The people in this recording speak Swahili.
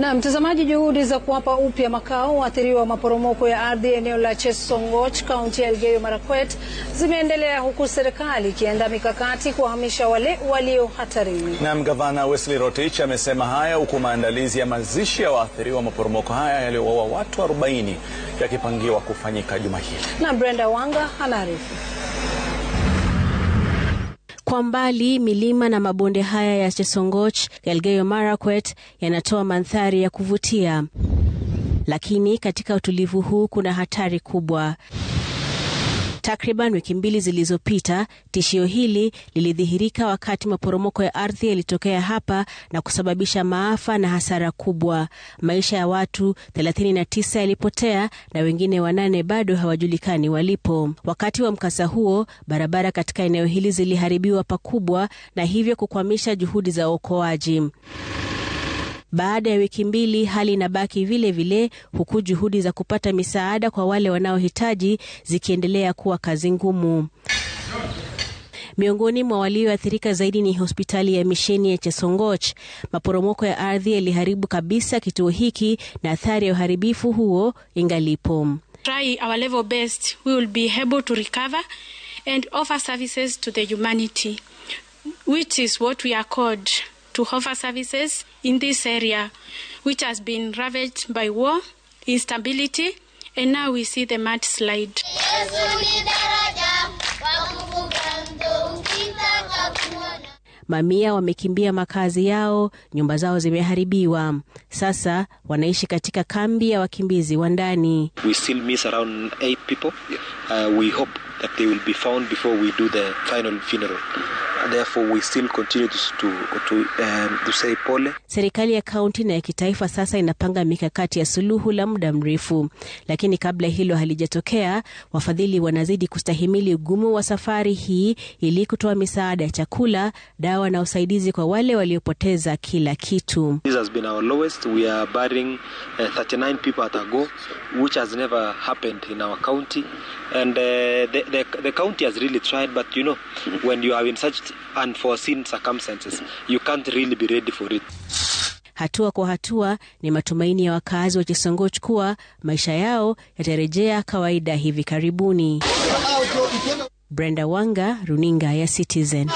Na mtazamaji, juhudi za kuwapa upya makao waathiriwa wa maporomoko ya ardhi eneo la Chesongoch kaunti ya Elgeyo Marakwet zimeendelea huku serikali ikiandaa mikakati kuwahamisha wale walio hatarini. Naam, gavana Wesley Rotich amesema haya huku maandalizi ya mazishi ya waathiriwa wa maporomoko haya yaliyowaua watu 40 yakipangiwa kufanyika juma hili. Na Brenda Wanga anaarifu. Kwa mbali milima na mabonde haya ya Chesongoch, Elgeyo Marakwet yanatoa mandhari ya kuvutia, lakini katika utulivu huu kuna hatari kubwa. Takriban wiki mbili zilizopita, tishio hili lilidhihirika wakati maporomoko ya ardhi yalitokea hapa na kusababisha maafa na hasara kubwa. Maisha ya watu 39 yalipotea na wengine wanane bado hawajulikani walipo. Wakati wa mkasa huo, barabara katika eneo hili ziliharibiwa pakubwa na hivyo kukwamisha juhudi za uokoaji. Baada ya wiki mbili, hali inabaki vile vile, huku juhudi za kupata misaada kwa wale wanaohitaji zikiendelea kuwa kazi ngumu. Miongoni mwa walioathirika zaidi ni hospitali ya misheni ya Chesongoch. Maporomoko ya ardhi yaliharibu kabisa kituo hiki na athari ya uharibifu huo ingalipo. Try our level best. We will be able to recover and offer services to the humanity, which is what we are called to offer services in this area, which has been ravaged by war, instability, and now we see the slide Mamia wamekimbia makazi yao, nyumba zao zimeharibiwa. Sasa wanaishi katika kambi ya wakimbizi wa ndani. Therefore we still continue to, to, to, um, to say pole. Serikali ya kaunti na ya kitaifa sasa inapanga mikakati ya suluhu la muda mrefu, lakini kabla hilo halijatokea, wafadhili wanazidi kustahimili ugumu wa safari hii ili kutoa misaada ya chakula, dawa na usaidizi kwa wale waliopoteza kila kitu. This has been our lowest. We are burying, uh, 39 people at a go, which has never happened in our county. And, uh, the, the, the county has really tried, but you know, when you are in such unforeseen circumstances you can't really be ready for it Hatua kwa hatua ni matumaini ya wakazi wa Chesongoch kuwa maisha yao yatarejea kawaida hivi karibuni. Brenda Wanga, runinga ya Citizen.